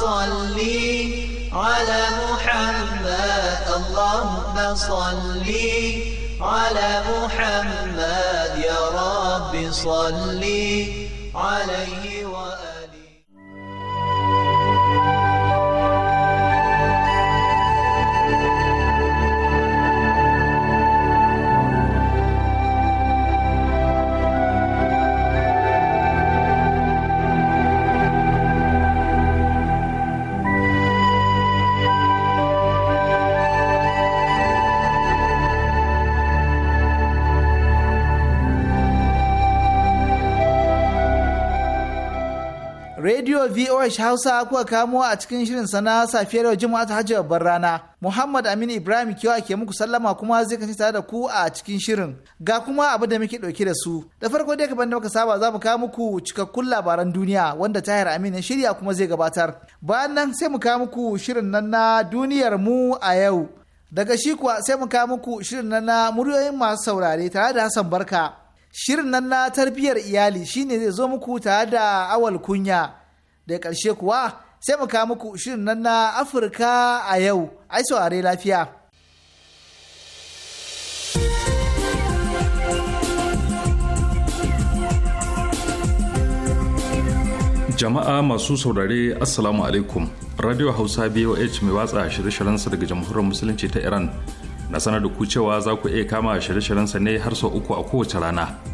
صل على محمد اللهم صل على محمد يا رب صل عليه Radio VOH Hausa kuka kamo a cikin shirin sana safiyar Juma'a ta Hajji babbar rana. Muhammad Aminu Ibrahim Kiyawa ke muku sallama kuma zai kasance tare da ku a cikin shirin. Ga kuma abin da muke ɗauke da su. Da farko dai kaban da muka saba za mu kawo muku cikakkun labaran duniya wanda Tahir Aminu shirya kuma zai gabatar. Bayan nan sai mu kawo muku shirin nan na duniyar mu a yau. Daga shi kuwa sai mu kawo muku shirin nan na muryoyin masu saurare tare da Hassan Barka. Shirin nan na tarbiyyar iyali shine zai zo muku tare da awal kunya. da ƙarshe kuwa sai mu kawo muku shirin nan na afirka a yau ai saurare lafiya jama'a masu saurare assalamu alaikum radio hausa boh mai watsa shirye sa daga jamhuriyar musulunci ta iran na sanar da ku cewa za ku iya kama shirye sa ne har sau uku a kowace rana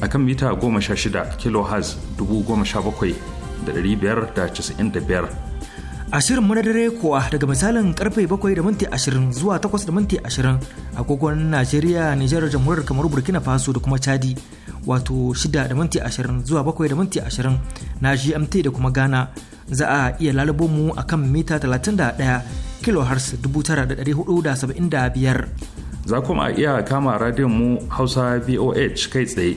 a kan mita 16 kHz 17,595. A shirin madadare kuwa daga misalin karfe 7:20 da zuwa 8:20 da minti agogon Najeriya, Nijar, Jamhuriyar kamar Burkina Faso da kuma Chadi wato 6:20 zuwa 7:20 na GMT da kuma Ghana za a iya lalubo mu a kan mita 31 kHz 9,475. Za kuma iya kama radiyon mu Hausa VOH kai tsaye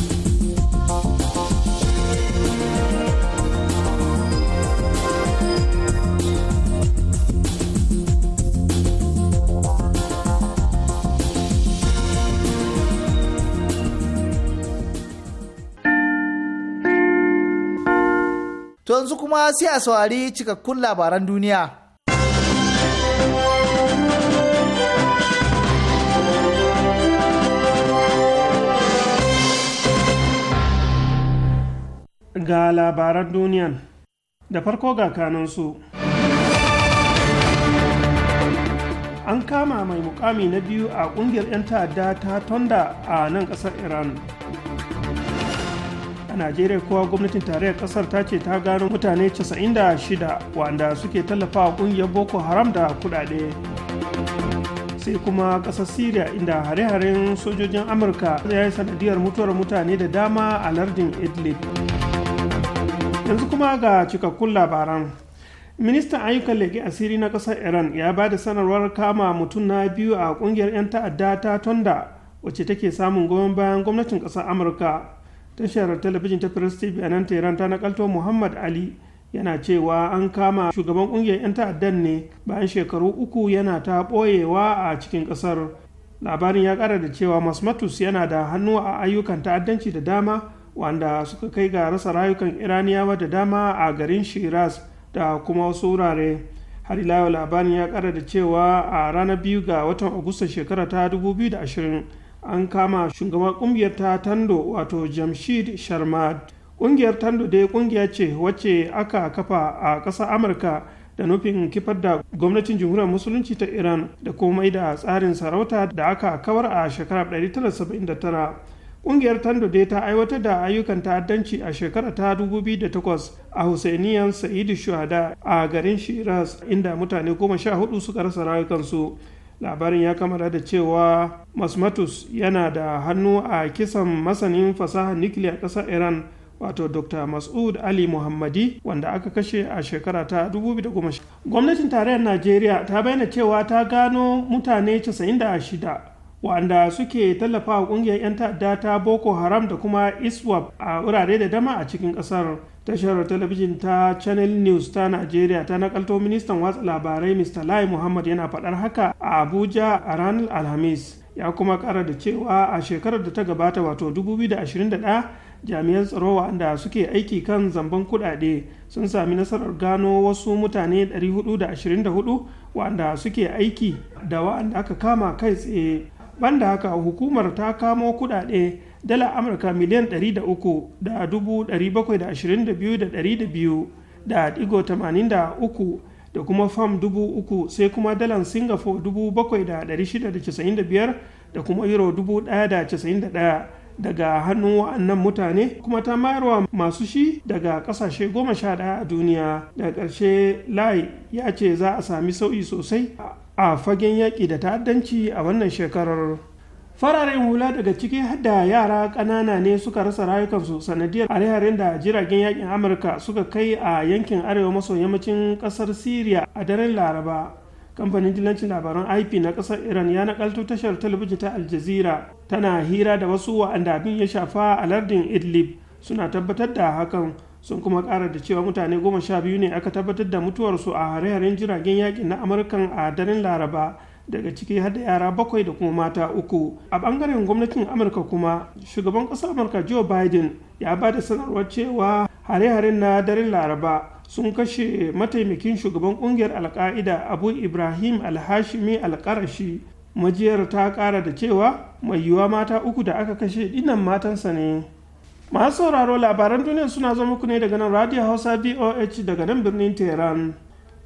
To yanzu kuma sai a saurari cikakkun labaran duniya. Ga labaran duniyan da farko ga kanansu. An kama mai mukami na biyu a kungiyar 'yan ta'adda ta tonda a nan ƙasar Iran. a najeriya kowa gwamnatin tarayyar kasar ta ce ta gano mutane 96 wanda suke tallafa kungiyar boko haram da kudade sai kuma kasar syria inda hare-haren sojojin amurka ya yi sanadiyar mutuwar mutane da dama a lardin idlib yanzu kuma ga cikakkun labaran ministan ayyukan lege asiri na kasar iran ya ba da sanarwar kama mutum na biyu a kungiyar 'yan ta'adda ta tonda wacce take samun goyon bayan gwamnatin kasar amurka tashar talabijin ta press tv a nan tehran ta nakalto muhammad ali yana cewa an kama shugaban kungiyar 'yan ta'addan ne bayan shekaru uku yana ta ɓoyewa a cikin ƙasar labarin ya kara da cewa masmatus yana da hannu a ayyukan ta'addanci da dama wanda suka kai ga rasa rayukan iraniyawa da dama a garin shiraz da kuma wasu wurare har ila labarin ya kara da cewa a ranar biyu ga watan agusta shekara ta 2020 an kama shugaban kungiyar ta tando wato jamshid sharmad kungiyar tando dai kungiya ce wacce aka kafa a ƙasar amurka da nufin kifar da gwamnatin jamhuriyar musulunci ta iran da komai da tsarin sarauta da aka kawar a shekarar 1979 kungiyar tando dai ta aiwatar da ayyukan ta'addanci a shekara ta 2008 a husainiyan sa'idu shuhada a garin shiraz inda mutane goma sha hudu suka rasa rayukansu labarin ya kamata da cewa masmatus yana da hannu a kisan masanin fasaha nukiliya ƙasar iran wato dr mas'ud ali muhammadi wanda aka kashe a shekara ta 2010 gwamnatin tarayyar najeriya ta bayyana cewa ta gano mutane 96 wanda suke tallafa wa kungiyar 'yan ta'adda ta boko haram da kuma iswap a wurare da dama a cikin ƙasar. tashar talabijin ta channel news ta nigeria ta nakalto ministan watsa labarai mr lai muhammad yana faɗar haka a abuja a ranar alhamis ya kuma kara da cewa a shekarar da ta gabata wato 2021 jami'an tsaro waɗanda suke aiki kan zamban kuɗaɗe sun sami nasarar gano wasu mutane 424 waɗanda suke aiki da waɗanda aka kama kai tsaye banda haka hukumar ta kamo kuɗaɗe dala amurka miliyan 300,722,200 da digo 83 da kuma fam 3,000 sai kuma dalan singapore 7,695 da kuma euro 1,091 daga hannun wa'annan mutane kuma ta mayarwa masu shi daga kasashe goma sha ɗaya a duniya Da ƙarshe lai ya ce za a sami sauyi sosai a fagen yaƙi da ta'addanci a wannan shekarar fararen hula daga ciki hadda yara kanana ne suka rasa rayukansu sanadiyar hare-haren da jiragen yakin amurka suka kai a yankin arewa maso yammacin kasar syria a daren laraba kamfanin jilancin labaran ip na kasar iran ya nakalto tashar talabijin ta aljazira tana hira da wasu wa'anda abin ya shafa a lardin idlib suna tabbatar da hakan sun kuma ƙara da cewa mutane goma sha biyu ne aka tabbatar da mutuwarsu a hare-haren jiragen yakin na amurkan a daren laraba daga ciki har da yara bakwai da kuma mata uku a bangaren gwamnatin amurka kuma shugaban ƙasar amurka joe biden ya ba da sanarwar cewa hare-haren na daren laraba sun kashe mataimakin shugaban kungiyar alka'ida abu ibrahim alhashimi alkarashi majiyar ta kara da cewa mai yiwuwa mata uku da aka kashe dinan matansa ne masu sauraro labaran duniya suna zama ku ne daga nan radio hausa doh daga nan birnin tehran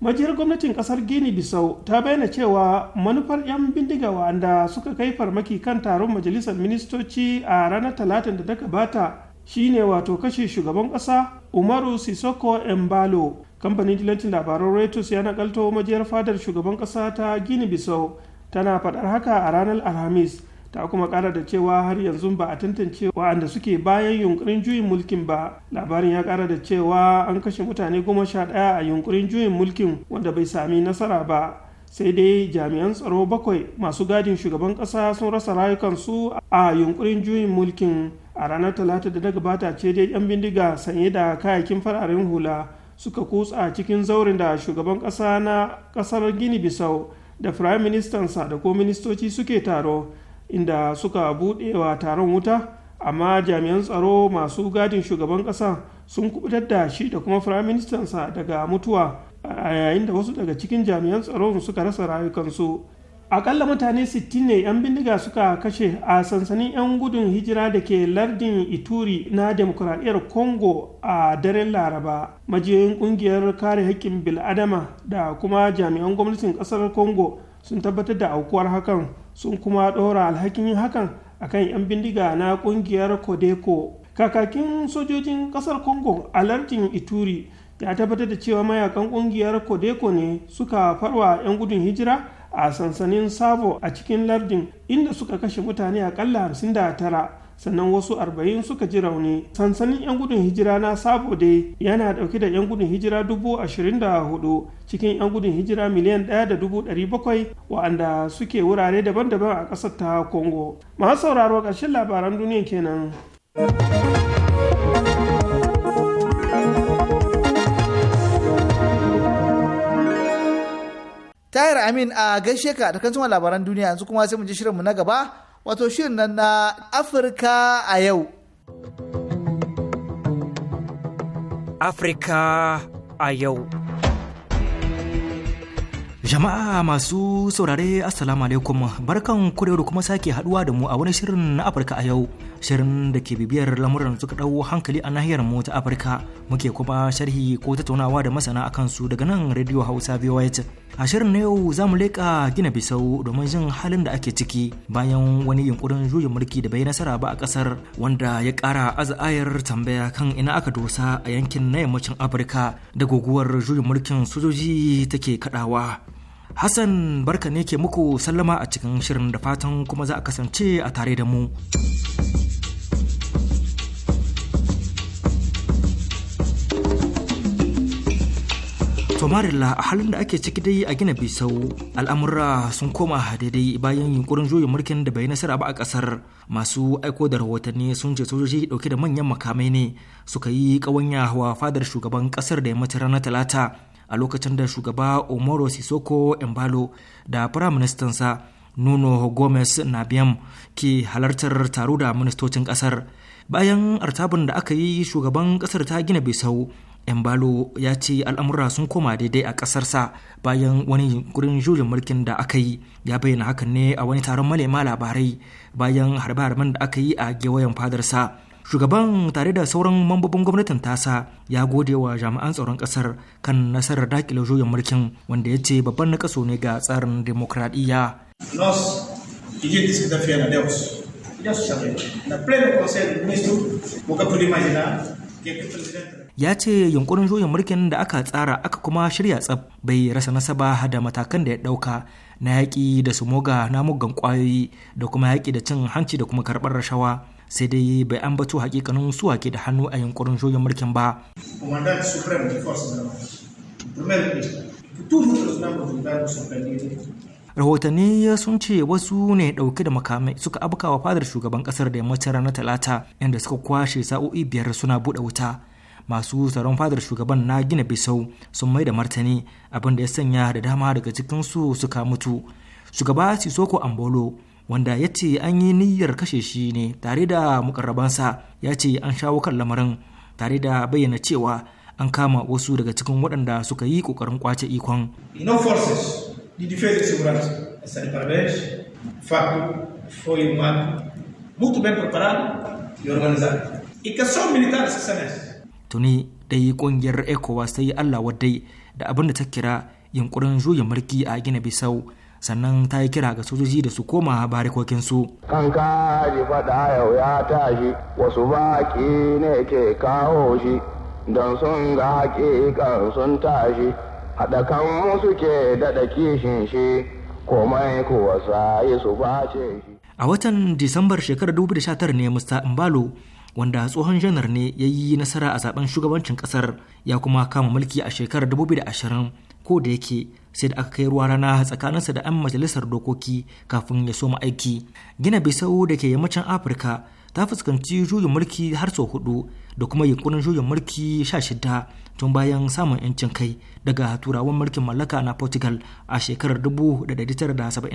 majiyar gwamnatin kasar gini bisau ta bayyana cewa manufar 'yan bindiga wanda suka kai farmaki kan taron majalisar ministoci a ranar talatin da ta gabata shine wato kashe shugaban kasa umaru sisoko embalo kamfanin dilancin labarun reuters ya nakalto majiyar fadar shugaban kasa ta gini bisau tana faɗar haka a ranar alhamis ta kuma kara da cewa har yanzu ba a tantance waɗanda suke bayan yunkurin juyin mulkin ba labarin ya kara da cewa an kashe mutane goma sha ɗaya a yunkurin juyin mulkin wanda bai sami nasara ba sai dai jami'an tsaro bakwai masu gadin shugaban ƙasa sun rasa rayukansu a yunkurin juyin mulkin a ranar talata da na gabata ce dai yan bindiga sanye da kayakin fararen hula suka kutsa cikin zaurin da shugaban ƙasa na ƙasar gini bisau da firayim ministansa da ko ministoci suke taro inda suka buɗewa taron wuta amma jami'an tsaro masu gadin shugaban ƙasa sun kubutar da shi da kuma firaministansa daga mutuwa a yayin da wasu daga cikin jami'an tsaro suka rasa rayukansu akalla mutane 60 ne 'yan bindiga suka kashe a sansanin 'yan gudun hijira da ke lardin ituri na demokuraɗiyar congo a daren laraba majiyoyin ƙungiyar kare haƙƙin bil'adama da kuma jami'an gwamnatin ƙasar congo sun tabbatar da aukuwar hakan sun kuma ɗora alhakin yin hakan kan 'yan bindiga na ƙungiyar kodeko kakakin sojojin ƙasar congo lardin ituri ya tabbatar da cewa mayakan ƙungiyar kodeko ne suka farwa 'yan gudun hijira a sansanin sabo a cikin lardin inda suka kashe mutane akalla 59 sannan wasu arba'in suka ji rauni sansanin 'yan gudun hijira na sabo dai yana dauke da 'yan gudun hijira dubu ashirin da hudu cikin 'yan gudun hijira miliyan ɗaya da dubu ɗari bakwai wa'anda suke wurare daban-daban a ƙasar ta congo masu sauraro ƙarshen labaran duniya kenan. Tahir Amin a gaishe ka da kan labaran duniya yanzu kuma sai mu ji shirinmu na gaba wato shirin nan na Afirka a yau. Afirka a yau. Jama'a masu saurare Assalamu alaikum barkan kurewa kuma sake haduwa da mu a wani shirin na Afirka a yau shirin da ke bibiyar lamuran suka dau hankali a nahiyar mu ta Afirka muke kuma sharhi ko tattaunawa da masana akan su daga nan Radio Hausa VOH a shirin na yau za mu leƙa gina bisau domin jin halin da ake ciki bayan wani yunkurin juyin mulki da bai nasara ba a ƙasar wanda ya ƙara aza'ayar tambaya kan ina aka dosa a yankin na yammacin afirka da guguwar juyin mulkin sojoji take kaɗawa hassan barka ne ke muku sallama a cikin shirin da fatan kuma za a kasance a tare da mu. Somarila a halin da ake ciki dai a gina bisau al'amura sun koma daidai bayan yunkurin juyin mulkin da bai nasara ba a kasar masu aiko da rahotanni sun ce sojoji dauke da manyan makamai ne suka yi kawanya wa fadar shugaban kasar da ya mace ranar talata a lokacin da shugaba Omoro Sisoko Embalo da firaministansa Nuno Gomez Nabiam ke halartar taro da ministocin kasar. Bayan artabin da aka yi shugaban kasar ta gina Bisau Embalo ya ce al'amura sun koma daidai a ƙasarsa bayan wani yunkurin juyin mulkin da aka yi ya bayyana hakan ne a wani taron malema labarai bayan harbe-harben da aka yi a gewayen fadarsa shugaban tare da sauran mambobin gwamnatin tasa ya gode wa jami'an tsaron ƙasar kan nasarar dakile juyin mulkin wanda ya ce babban nakaso ne ga tsarin demokradiyya ya ce yunkurin juyin mulkin da aka tsara aka kuma shirya tsab bai rasa nasaba da matakan da ya ɗauka na yaƙi da su moga na muggan ƙwayoyi da kuma yaƙi da cin hanci da kuma karɓar rashawa sai dai bai an ambato hakikanin su ke da hannu a yunkurin juyin mulkin ba. rahotanni sun ce wasu ne dauke da makamai suka abuka wa fadar shugaban kasar da yammacin ranar talata inda suka kwashe sa'o'i biyar suna buɗe wuta masu tsaron fadar shugaban na gina bisau sun mai da martani abin da ya sanya da dama daga cikin su suka mutu shugaba sisoko ambolo wanda ya ce an yi niyyar kashe shi ne tare da mukarrabansa ya ce an shawo kan lamarin tare da bayyana cewa an kama wasu daga cikin waɗanda suka yi ƙoƙarin kwace ikon. Ino forces di difesa e seguranza è stato parvenire fatto tuni dai kungiyar ecowas ta yi allah wadai da abin da ta kira yunkurin juya mulki a gina bisau sannan ta yi kira ga sojoji da su koma barikokinsu. Kan kaji faɗa yau ya tashi wasu baki ne ke kawo shi don sun ga haƙiƙan sun tashi haɗakan su musu ke daɗa kishin shi komai kuwa sa su bace shi. A watan Disambar shekarar 2019 ne Mr. Mbalo wanda tsohon janar ne ya yi nasara a zaben shugabancin kasar ya kuma kama mulki a shekarar 2020 ko da yake sai da aka kai ruwa rana tsakaninsa da 'yan majalisar dokoki kafin ya soma aiki gina bisau da ke yammacin afirka ta fuskanci juyin mulki har sau hudu da kuma yunkurin juyin mulki sha shida tun bayan samun 'yancin kai daga turawan mulkin mallaka na portugal a shekarar 1974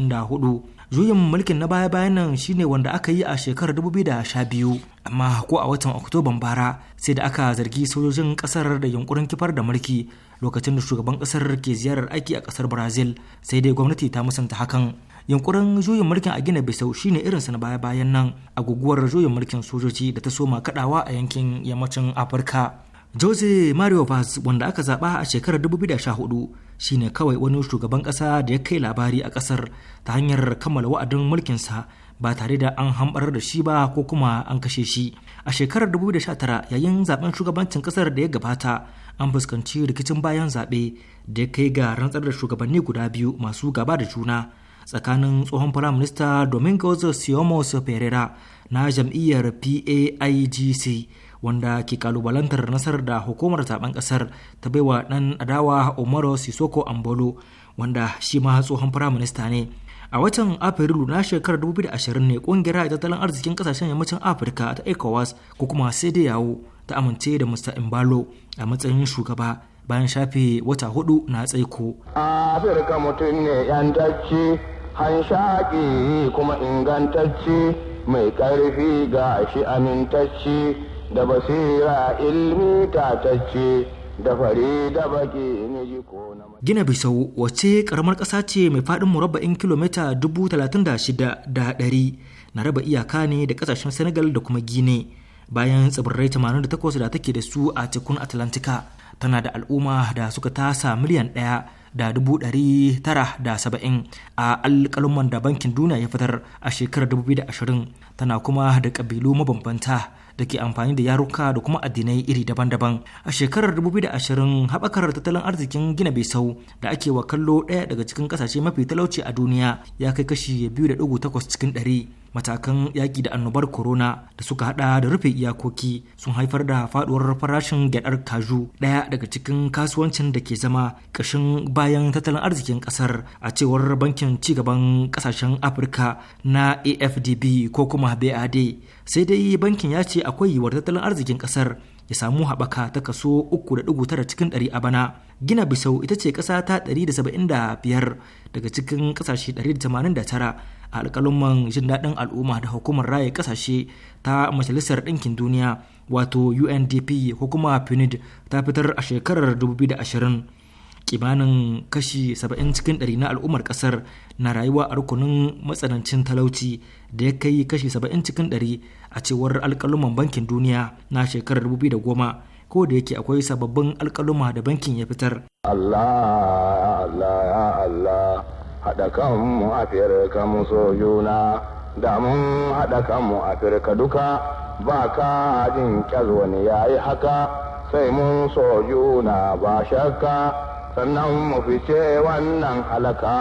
juyin mulkin na baya-bayan nan shine wanda aka yi a shekarar 2012 amma ko a watan oktoban bara sai da aka zargi sojojin kasar da yunkurin kifar da mulki lokacin da shugaban kasar ke ziyarar aiki a kasar brazil sai dai gwamnati ta musanta hakan yankurin juyin mulkin a gina bisau shine irinsa na baya-bayan nan a guguwar juyin mulkin sojoji da ta soma kadawa a yankin yammacin afirka jose mario vaz wanda aka zaba a shekarar 2014 shine kawai wani shugaban kasa da ya kai labari a kasar ta hanyar kammala wa'adin mulkin sa ba tare da an hambarar da shi ba ko kuma an kashe shi a shekarar 2019 yayin zaben shugabancin kasar da ya gabata an fuskanci rikicin bayan zaɓe da ya kai ga rantsar da shugabanni guda biyu masu gaba da juna tsakanin tsohon firaminista domingos siomos pereira na jam'iyyar paigc wanda ke kalubalantar nasarar da hukumar zaben kasar ta baiwa ɗan adawa Umaru Sisoko Ambolo wanda shi ma tsohon firaminista ne. A watan Afrilu na shekarar 2020 ne kungiyar tattalin arzikin kasashen yammacin Afirka ta ECOWAS ko kuma yawo ta amince da Mr. Imbalo a matsayin shugaba bayan shafe wata hudu na tsaiko. afirka mutum ne han hanshaƙi kuma ingantacci mai ƙarfi ga shi amintacci da basira ilmi tatacci da fari da baki ne ji ko na Gina Bisau wace ƙaramar ƙasa ce mai faɗin murabba'in kilomita da ɗari na raba iyaka ne da ƙasashen Senegal da kuma Gine bayan tsibirai 88 da take da su a cikin Atlantika. tana da al'umma da suka tasa miliyan ɗaya da dubu ɗari tara da saba'in a alƙalumman da bankin duniya ya fitar a shekarar 2020 tana kuma da ƙabilu mabambanta da ke amfani da yaruka da kuma addinai iri daban-daban a shekarar 2020 haɓakar tattalin arzikin gina bisau da ake wa kallo ɗaya daga cikin ƙasashe mafi talauci a duniya ya kai kashi biyu da takwas cikin ɗari. matakan yaƙi da annobar corona da suka hada da rufe iyakoki sun haifar da faduwar farashin gyadar kaju ɗaya daga cikin kasuwancin da ke zama ƙashin bayan tattalin arzikin ƙasar a cewar bankin cigaban ƙasashen afirka na afdb ko kuma bad sai dai bankin ya ce akwai yiwuwar tattalin arzikin ƙasar ya samu haɓaka ta kaso 3.9 cikin 100 a bana gina bisau ita ce ƙasa ta 175 daga cikin ƙasashe 189 a alƙaluman jin daɗin al'umma da hukumar raye ƙasashe ta majalisar ɗinkin duniya wato undp ko kuma ta fitar a shekarar 2020 kimanin kashi 70 cikin 100 na al'ummar ƙasar na rayuwa a rukunin matsanancin talauci da ya kai kashi 70 cikin 100 a cewar alƙaluman bankin duniya na shekarar 2010 ko da yake akwai sababbin alkaluma da bankin ya fitar Allah Allah Allah haɗa kanmu afirka mu so juna da mun haɗa kanmu afirka duka ba ka jin wani ya yi haka sai mun so juna ba shakka sannan mu fice wannan halaka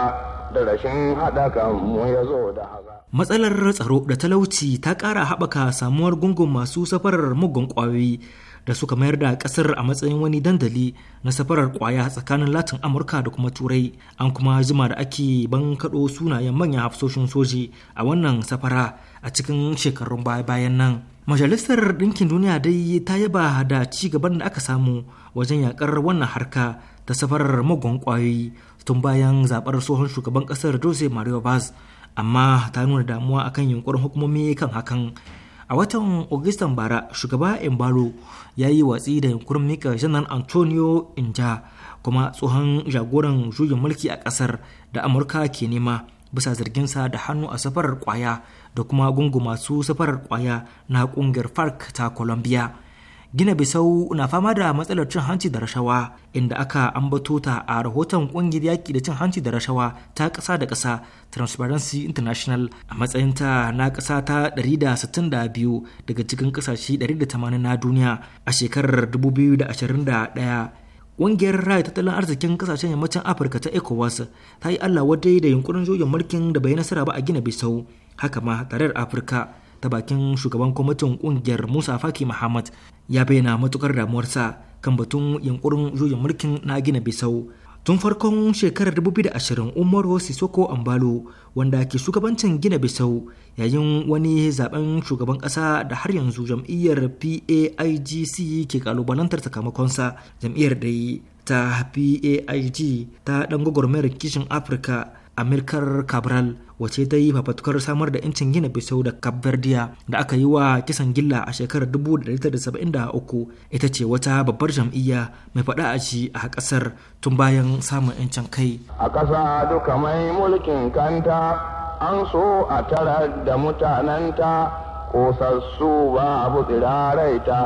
da rashin haɗa kanmu ya zo da haka. Matsalar tsaro da talauci ta ƙara haɓaka samuwar gungun masu safarar mugun ƙwayoyi da suka mayar da kasar a matsayin wani dandali na safarar kwaya tsakanin latin amurka da kuma turai an kuma jima da ake ban kaɗo sunayen manyan hafsoshin soji a wannan safara a cikin shekarun baya-bayan nan majalisar ɗinkin duniya dai ta yaba da ci gaban da aka samu wajen yakar wannan harka ta safarar magon kwayoyi tun bayan zaɓar tsohon shugaban ƙasar jose mario vaz amma ta nuna damuwa akan yunkurin hukumomi kan hakan a watan augustan bara shugaba embaro ya yi watsi da yunkurin mika janar antonio inja kuma tsohon jagoran juyin mulki a kasar da amurka ke nema bisa zarginsa da hannu a safarar kwaya da kuma gungu masu safarar kwaya na kungiyar farc ta colombia Gina Bisau na fama da matsalar cin hanci da rashawa inda aka ambato ta a rahoton ƙungiyar yaki da cin hanci da rashawa ta kasa da kasa Transparency International a matsayin ta na ƙasa ta 162 daga cikin ƙasashe 180 na duniya a shekarar 2021. Ƙungiyar raya tattalin arzikin kasashen yammacin Afirka ta ECOWAS ta yi Allah wadai da yunkurin juyin mulkin da bai nasara ba a gina Bisau haka ma tarayyar Afirka ta bakin shugaban kwamitin kungiyar musa faki muhammad ya bayyana matukar damuwarsa kan batun yunkurin juyin mulkin na gina bisau tun farkon shekarar 2020 umaru sisoko ambalo wanda ke shugabancin gina bisau yayin wani zaben shugaban kasa da har yanzu jam'iyyar paigc ke kalubalantar sakamakonsa jam'iyyar da ta paig ta dan gwagwarmayar kishin afirka amilkar cabral wace ta yi fafatukar samar da 'yancin gina bisau da kabardiya da aka yi wa kisan gilla a shekarar 1973 ita ce wata babbar jam'iyya mai faɗa a ji a ƙasar tun bayan samun 'yancin kai a ƙasa duka mai mulkin kanta an so a tara da mutanenta ƙosassu ba abu ta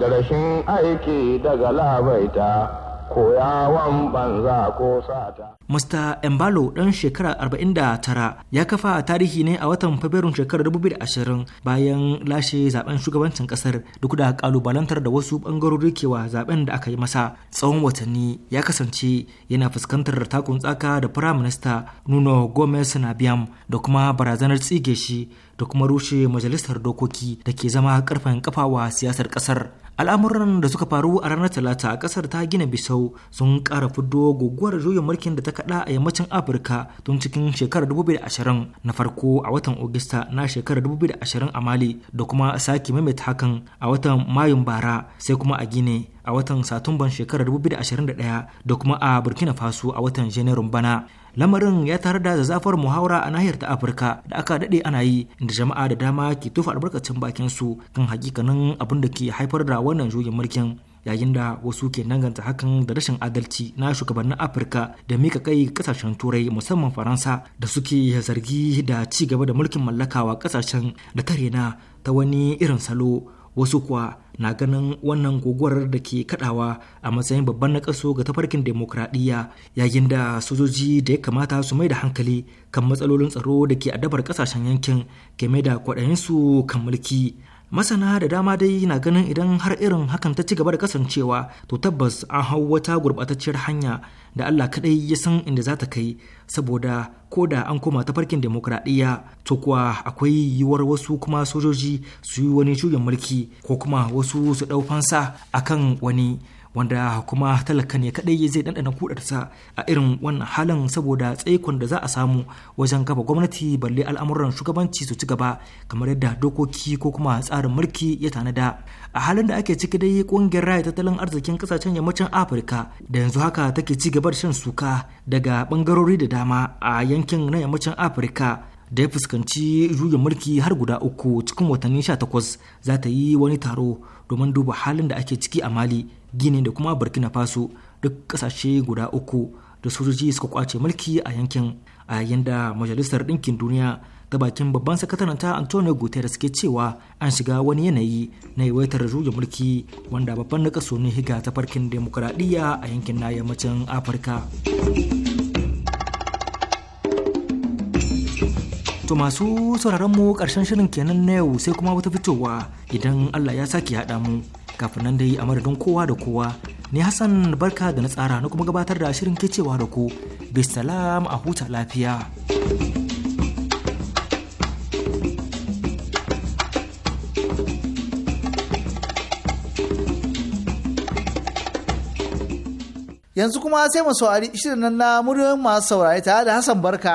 da rashin aiki daga labaita mista banza Embalo ɗan shekara 49 ya kafa tarihi ne a watan Fabrairun shekarar 2020 bayan lashe zaben shugabancin kasar duk da kalubalantar da wasu bangarori kewa zaben da aka yi masa tsawon watanni ya kasance yana fuskantar takun tsaka da Firaminista Nuno Gomez Nabiam da kuma barazanar tsige shi da kuma rushe majalisar dokoki da ke zama karfen kafawa siyasar kasar al'amuran da suka faru a ranar talata a kasar ta gina bisau sun kara fiddo guguwar juyin mulkin da ta kada a yammacin afirka tun cikin shekarar 2020 na farko a watan ogista na shekarar 2020 a mali da kuma sake maimaita hakan a watan mayun bara sai kuma a gine a watan satumban shekarar 2021 da kuma a burkina faso a watan janairun bana lamarin ya tarar da zazafar muhawara a nahiyar ta afirka da aka dade ana yi inda jama'a da dama ke tufa albarkacin bakin su kan hakikanin abin da ke haifar da wannan juyin mulkin yayin da wasu ke danganta hakan da rashin adalci na shugabannin afirka da mika kai kasashen turai musamman faransa da suke zargi da ci gaba da mulkin mallakawa kasashen da ta na ta wani irin salo wasu kuwa na ganin wannan guguwar da ke kadawa a matsayin babban nakaso ga tafarkin demokradiyya yayin da sojoji da ya kamata su mai da hankali kan matsalolin tsaro da ke adabar kasashen yankin game da kwaɗayinsu kan mulki masana da dama dai na ganin idan har irin hakan ta ci gaba da kasancewa to tabbas an hau wata gurɓatacciyar hanya da Allah kaɗai ya san inda za ta kai saboda ko da an koma ta farkin demokradiyya to kuwa akwai yiwuwar wasu kuma sojoji su yi wani juyin mulki ko kuma wasu su ɗau fansa akan wani wanda kuma talaka ne kadai zai ɗanɗana kudarsa a irin wannan halin saboda tsaikon da za a samu wajen kafa gwamnati balle al'amuran shugabanci su ci gaba kamar yadda dokoki ko kuma tsarin mulki ya tanada a halin da ake ciki dai kungiyar raya tattalin arzikin kasashen yammacin afirka da yanzu haka take ci gaba da shan suka daga bangarori da dama a yankin na yammacin afirka da ya fuskanci juyin mulki har guda uku cikin watanni 18 za ta yi wani taro domin duba halin da ake ciki a mali gini da kuma burkina faso duk kasashe guda uku da sojoji suka kwace mulki a yankin a yayin da majalisar ɗinkin duniya ta bakin babban sakataren sakataranta antonio guterres ke cewa an shiga wani yanayi na yawaitar juya mulki wanda babban na kaso ne higa ta farkin demokuraɗiyya a yankin na yammacin afirka To masu sauraron mu ƙarshen shirin kenan na yau sai kuma wata fitowa idan Allah ya sake haɗa mu kafin nan dai a madadin kowa da kowa ni hassan barka da na tsara na kuma gabatar da shirin kicewa da ku bisalam a huta lafiya yanzu kuma sai mu saurari shirin na muryoyin masu saurari tare da hassan barka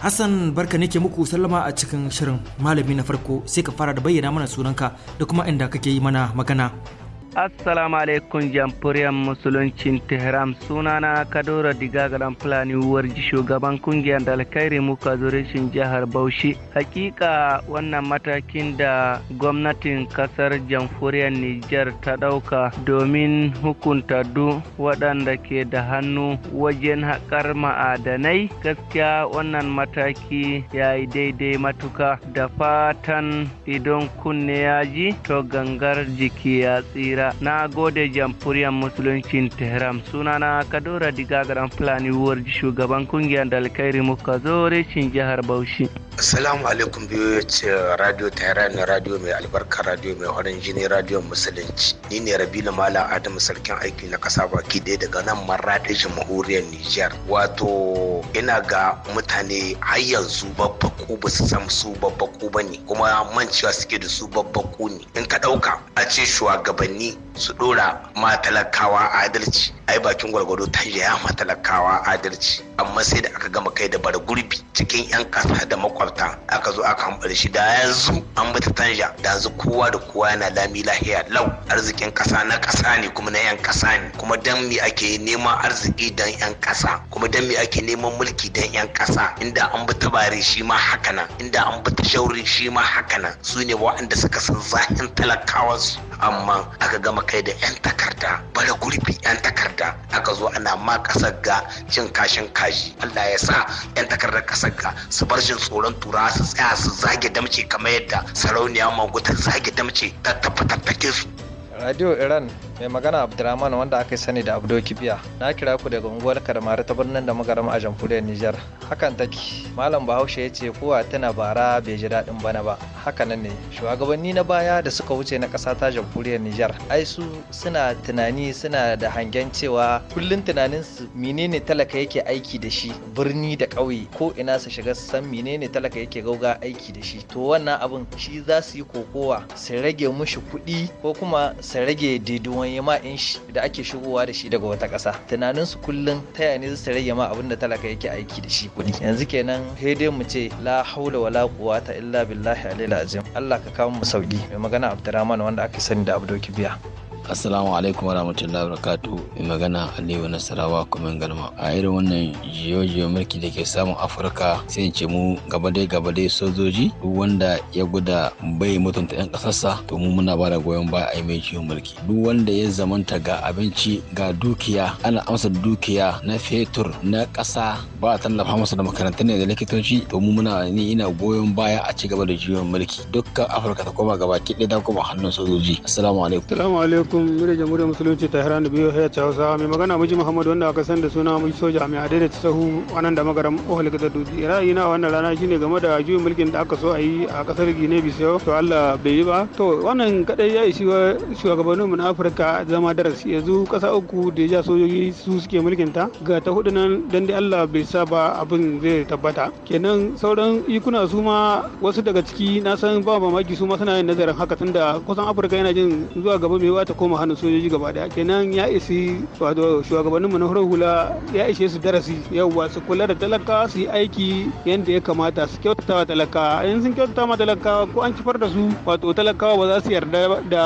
Hassan barka nake muku sallama a cikin shirin malami na farko sai ka fara da bayyana mana sunanka da kuma inda kake yi mana magana. Assalamu alaikum jamhuriyar musuluncin Tehran sunana Kadura Diga dan Fulani Warji shugaban kungiyar Dalkairi muka zurishin jihar Bauchi. Hakika wannan matakin da gwamnatin kasar jamhuriyar Nijar ta ɗauka domin hukunta du waɗanda ke da hannu wajen haƙar ma'adanai gaskiya wannan mataki ya yi daidai matuka da fatan idon kunne ya ji to gangar jiki ya tsira. na gode jamhuriyar musuluncin tehran sunana kadora diga garan fulani wuwar shugaban kungiyar dalkairi muka zo reshin jihar bauchi Assalamu alaikum biyu radio Tehran radio mai albarka radio mai horon jini radio musulunci. Ni ne rabila Malam Adamu sarkin aiki na kasa baki dai daga nan Marraɗe jamhuriyar Nijar. Wato ina ga mutane har yanzu babbaku ba su san su babbaku ba ne kuma mancewa suke da su babbaku ne. In ka ɗauka a ce shugabanni su dora ma talakawa adalci ai bakin gwargwado ta ya ma talakawa adalci amma sai da aka gama kai da bar gurbi cikin yan kasa da makwabta aka zo aka hambar shi da yanzu an bata tanja da yanzu kowa da kowa yana lami lahiya lau arzikin kasa na kasa ne kuma na yan kasa ne kuma dan me ake neman arziki dan yan kasa kuma dan me ake neman mulki dan yan kasa inda an bi bare shi ma haka nan inda an bi shauri shi ma haka nan su ne waɗanda suka san zahin talakawansu amma aka gama kai da 'yan takarda bara gurbi 'yan takarda aka zo ana ma kasar ga cin kashin kashi allah ya sa 'yan takardar kasar ga su bar jin tsoron tura su tsaya su zage damce kamar yadda sarauniya magu ta zage damce ta tabbatar su Radio Iran mai magana Abdulrahman, wanda aka sani da Abdo Kibiya. Na kira ku daga unguwar Karmari ta birnin da magaram a jamhuriyar Nijar. Hakan take, Malam Bahaushe ya ce kowa tana bara bai ji daɗin bana ba. Haka nan ne, shugabanni na baya da suka wuce na ƙasa ta jamhuriyar Nijar. Ai su suna tunani suna da hangen cewa kullum tunanin su menene talaka yake aiki da shi birni da ƙauye ko ina su shiga san menene talaka yake gauga aiki da shi. To wannan abin shi za su yi kokowa su rage mushi kuɗi ko kuma su rage didiwan in da ake shigowa da shi daga wata ƙasa tunanin su kullum ta yaya ne su rage ma abin da talaka yake aiki da shi kuɗi yanzu kenan hede mu ce la haula wala quwata illa billahi alil azim Allah ka kawo mu sauki mai magana Abdurrahman wanda aka sani da Abdul Kibiya Assalamu alaikum wa rahmatullahi wa barakatu mai magana Aliyu Nasarawa kuma galma a irin wannan jiyo mulki da ke samun Afirka sai in ce mu gaba dai gaba dai sojoji duk wanda ya guda bai mutunta 'yan kasarsa to mu muna ba da goyon baya a yi mai jiyo mulki duk wanda ya zamanta ga abinci ga dukiya ana amsa dukiya na fetur na ƙasa ba a tallafa masa da makarantar ne da likitoci to mu muna ni ina goyon baya a ci gaba da jiyon mulki dukkan Afirka ta koma gaba ki ɗaya ta koma hannun sojoji assalamu alaikum assalamu alaikum alaikum mire jamhuriyar musulunci ta hiran da biyu ya ce hausa mai magana miji muhammad wanda aka san da suna mai soja mai adai da sahu anan da magaram ohal gada dutse ra'ayi na wannan rana shine game da juyin mulkin da aka so a yi a kasar gine bisau to allah bai yi ba to wannan kadai ya isi shugabannin mu na afirka zama darasi yanzu kasa uku da ya sojoji su suke mulkin ta ga ta hudu nan dan dai allah bai sa ba abin zai tabbata kenan sauran ikuna su ma wasu daga ciki na san ba mamaki su ma suna yin nazarin haka tunda kusan afirka yana jin zuwa gaba mai wata koma hannun sojoji gaba daya kenan ya isi wato shugabanninmu na hular hula ya ishe su darasi yauwa su kula da talaka su yi aiki yadda ya kamata su kyauta wa talaka in sun kyauta ma talaka ko an kifar da su wato talakawa ba za su yarda da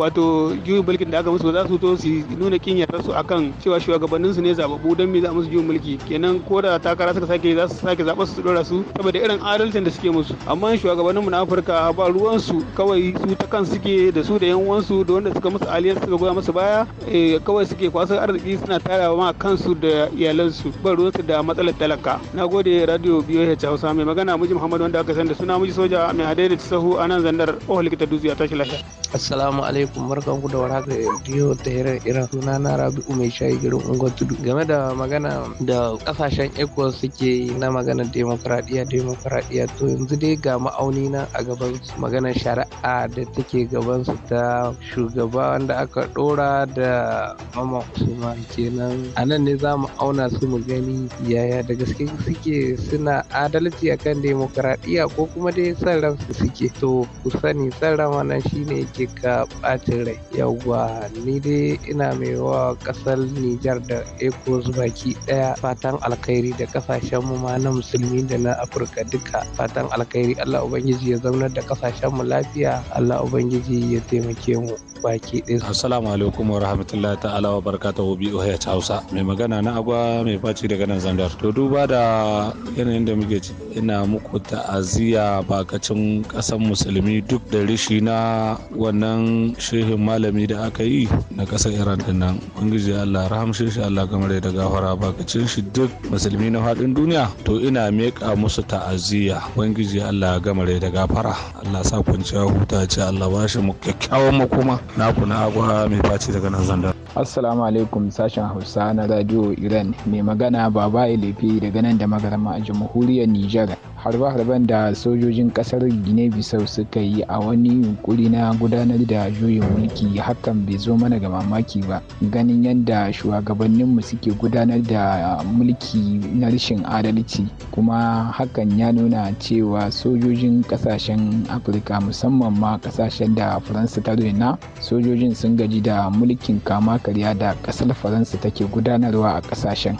wato juyin mulkin da aka musu ba za su to su nuna kin yarda su akan cewa shugabannin su ne zababu don me za musu juyin mulki kenan ko da takara suka sake za su sake zaɓa su su dora su saboda irin adalcin da suke musu amma shugabanninmu na Afirka ba ruwan su kawai su ta kan suke da su da yan uwansu da wanda suka musu su aliyar suka goya masu baya eh, kawai suke kwasar arziki suna tara ma kansu da iyalansu ban ruwansu da matsalar talaka na gode radio ci hausa mai magana muji muhammad wanda aka san da suna muji soja mai hadaida sahu a nan zandar ohol likita dutse a tashi lafiya assalamu alaikum barkan ku da warhaka radio ta hirar iran suna na rabi'u mai shayi garin unguwar tudu game da magana da kasashen eco suke na magana demokradiyya demokradiyya to yanzu dai ga ma'auni na a gaban su. maganar shari'a da take gaban su ta shugaba wanda aka ɗora da Mama Usman kenan a nan ne za mu auna su mu gani yaya da gaske suke suna adalci akan demokaradiyya ko kuma dai san ransu suke to ku sani san ran wannan shine yake ka ɓacin rai yawwa ni dai ina mai wa ƙasar Nijar da Ecos baki ɗaya fatan alkhairi da kasashen mu ma na musulmi da na Afirka duka fatan alkhairi Allah Ubangiji ya zaunar da kasashen mu lafiya Allah Ubangiji ya taimake mu baki assalamu alaikum wa rahmatullahi ta'ala wa barakatuhu bi ohiyat hausa mai magana na agwa mai faci daga nan zandar to duba da yanayin da muke ci ina muku ta'aziyya bakacin ƙasan musulmi duk da rishi na wannan shehin malami da aka yi na ƙasar iran din nan ubangiji allah rahamshe shi allah kamar da gafara bakacin shi duk musulmi na faɗin duniya to ina miƙa musu ta'aziyya ubangiji allah gamare da gafara allah sa kwanciya huta ce allah ba shi kyakkyawan makoma na kuna na agwa mai face daga nan zanda assalamu alaikum sashen hausa na radio iran mai magana baba ilifi daga nan da magarama a jamhuriyar nijar harbe-harben da sojojin kasar gine bisau suka yi a wani yunkuri na gudanar da juyin mulki hakan bai zo mana ga mamaki ba ganin yadda shugabanninmu suke gudanar da mulki na rashin adalci kuma hakan ya nuna cewa sojojin kasashen afirka musamman ma kasashen da faransa ta rena sojojin sun gaji da mulkin kama karya da kasar faransa take gudanarwa a kasashen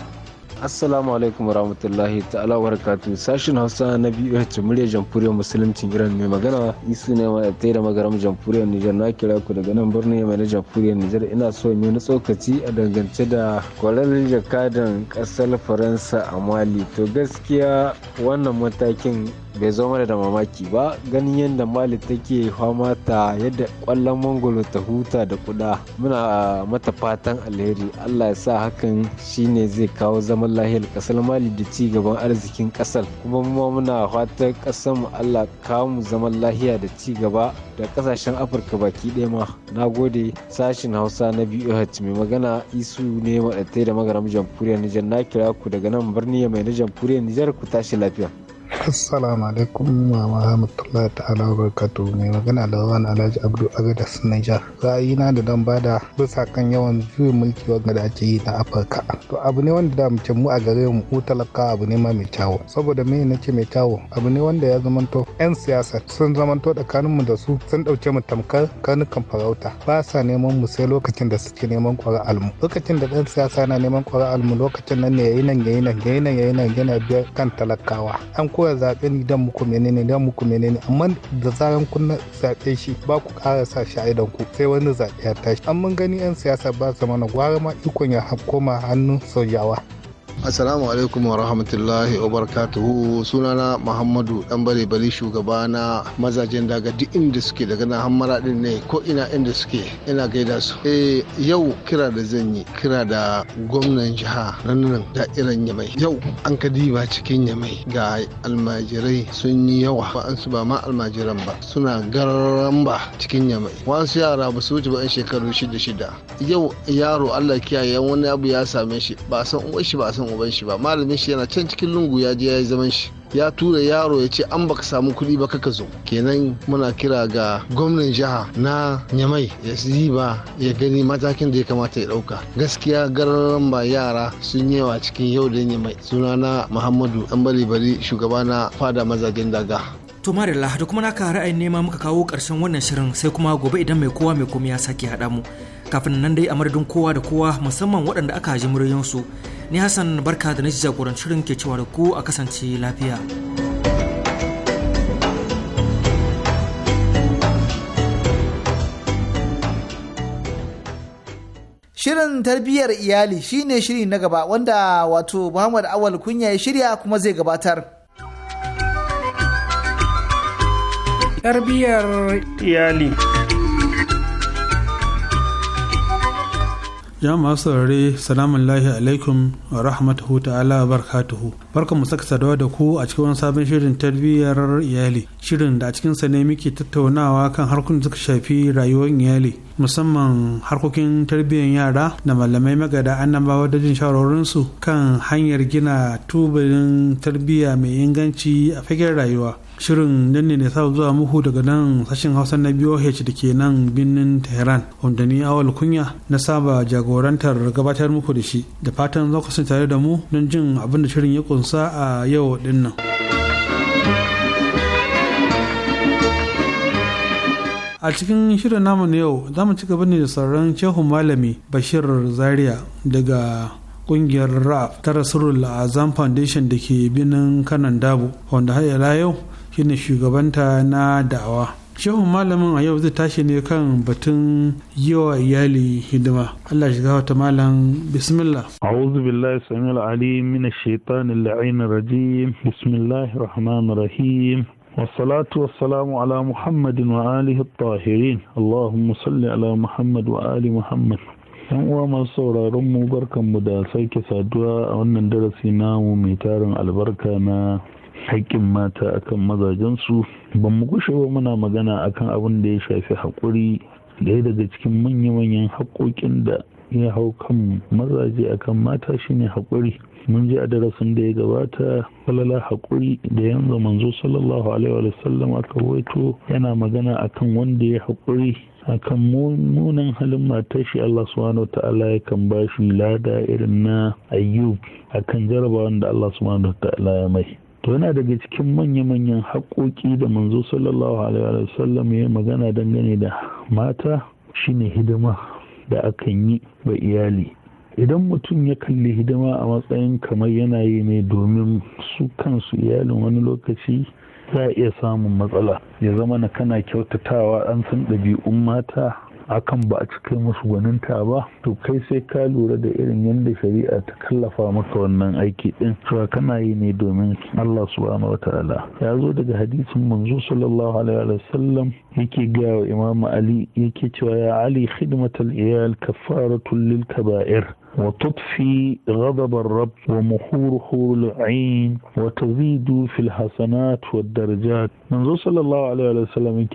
assalamu alaikum warahmatullahi ta'ala barakatu sashin hausa na biyu wacce muryar jamhuriyar musuluncin iran mai magana isu ne ma ta da magaram jamhuriyar nijar na kira ku daga nan birnin mai na jamhuriyar nijar ina so yi na tsokaci a dangance da kwarar jakadan kasar faransa a mali to gaskiya wannan matakin bai zama mana da mamaki ba ganin yadda mali take fama ta yadda kwallon mangolo ta huta da kuda muna mata fatan alheri allah ya sa hakan shine zai kawo zaman lahiyar kasar mali da ci gaban arzikin kasar kuma mu muna fatan kasar allah kawo mu zaman lahiya da ci gaba da kasashen afirka baki ɗaya ma na gode sashin hausa na boh mai magana isu ne maɗatai da magaram jamhuriyar nijar na kira ku daga nan birni mai na jamhuriyar nijar ku tashi lafiya Assalamu alaikum mama Hamdulillah ta'ala wa barkatu mai magana da na Alhaji Abdu Agadas ra'ayi na da dan bada bisa kan yawan juyin mulki wanda da ake yi na Afirka. To abu ne wanda da muke mu a gare mu mu talaka abu ne ma mai kyawu. Saboda me ce mai kyawu abu ne wanda ya zamanto yan siyasa sun zamanto tsakanin mu da su sun dauke mu tamkar karnukan farauta. Ba sa neman mu sai lokacin da suke neman ƙwara'al mu. Lokacin da dan siyasa na neman ƙwara'al mu lokacin nan ne yayi nan yayi nan yayi nan yayi nan yana biyar kan talakawa. An ko kowa zaɓen idan muku menene idan muku menene amma da zaran kun zaɓe shi ba ku ƙara sa shi a idan ku sai wani zaɓe ya tashi an mun gani 'yan siyasa ba su mana gwara ma ikon ya koma hannun sojawa Asalamu alaikum wa rahmatullahi wa barakatuhu sunana Muhammadu dan bale bali shugaba na mazajen daga duk inda suke daga na hammara din ne ko ina inda suke ina gaida su. Eh yau kira da zan yi kira da gwamnan jiha nan nan da'iran Yamai. Yau an ka diba cikin Yamai ga almajirai sun yi yawa ba an su ba ma almajiran ba suna garan ba cikin Yamai. Wasu yara ba su wuce ba shekaru shida shida. Yau yaro Allah kiyaye wani abu ya same shi ba san uwar shi ba san samun uban shi ba malamin shi yana can cikin lungu ya je ya yi zaman shi ya tura yaro ya ce an baka samu kuɗi ba kaka zo kenan muna kira ga gwamnan jiha na nyamai ya yi ba ya gani matakin da ya kamata ya ɗauka gaskiya gararan ba yara sun yawa cikin yau da nyamai suna na muhammadu dan bari bari shugaba na fada mazajen daga to marilla da kuma naka ra'ayin nema muka kawo ƙarshen wannan shirin sai kuma gobe idan mai kowa mai komai ya sake haɗa mu kafin nan dai a madadin kowa da kowa musamman waɗanda aka ji muryoyinsu su ni hassan barka da na jagorancin ke cewa da ku a kasance lafiya Shirin tarbiyyar iyali shine shiri na gaba wanda wato Muhammad Awal kunya ya shirya kuma zai gabatar. Tarbiyyar iyali. ya masu saurare salamun lahi alaikum wa rahmatuhu ta'ala wa barakatuhu barkan mu saka sadawa da ku a cikin wani sabon shirin tarbiyyar iyali shirin da a cikin sa ne muke tattaunawa kan harkokin da suka shafi rayuwar iyali musamman harkokin tarbiyyar yara da malamai magada annabawa da jin shawarorin su kan hanyar gina tubalin tarbiyya mai inganci a fagen rayuwa shirin nan ne sa zuwa muku daga nan sashen hausa na boh da ke nan birnin tehran wanda ni awal kunya na saba jagorantar gabatar muku da shi da fatan za ku tare da mu don jin abin da shirin ya kunsa a yau din nan a cikin shirin namu na yau za mu ci gaba ne da sauran cehu malami bashir zaria daga kungiyar RAF ta Rasulullah azam foundation da ke binin kanan dabo wanda har yau shine shugabanta na da'awa Shehu malamin a yau zai tashi ne kan batun yi wa iyali hidima allah shiga wata malam bismillah a'udhu billahi samil alim mina shaitan la'in rajim bismillahir rahmanir rahim والصلاة والسلام على محمد وآله الطاهرين اللهم صل على محمد وآل محمد yan uwa masu sauraron mu barkan mu da sake saduwa a wannan darasi namu mai tarin albarka na haƙƙin mata akan mazajensu ban mu gushe ba muna magana akan abin da ya shafi haƙuri ɗaya daga cikin manya-manyan haƙoƙin da ya hau kan mazaje akan mata shine haƙuri mun ji a darasin da ya gabata falala haƙuri da yanzu manzo sallallahu alaihi wa sallam aka waito yana magana akan wanda ya haƙuri akan munan halin matar shi Allah subhanahu wa ta'ala ya kan bashi lada irin na ayyub akan jarabawan da Allah subhanahu wa ta'ala ya mai to yana daga cikin manya-manyan haƙoƙi da manzo sallallahu alaihi wa sallam ya magana dangane da mata shine hidima da akan yi ba iyali idan mutum ya kalli hidima a matsayin kamar yana yi ne domin su kansu iyalin wani lokaci za a iya samun matsala ya zama na kana kyautatawa an san ɗabi'un mata akan ba a cika musu gwaninta ba to kai sai ka lura da irin yadda shari'a ta kallafa maka wannan aiki din cewa kana yi ne domin Allah subhanahu wataala ya zo daga hadisin manzo sallallahu alaihi wa sallam yake ga wa Imam Ali yake cewa ya Ali khidmatul iyal kafaratun lil kaba'ir وتطفي غضب الرب ومحور حور العين وتزيد في الحسنات والدرجات منذ صلى الله عليه وسلم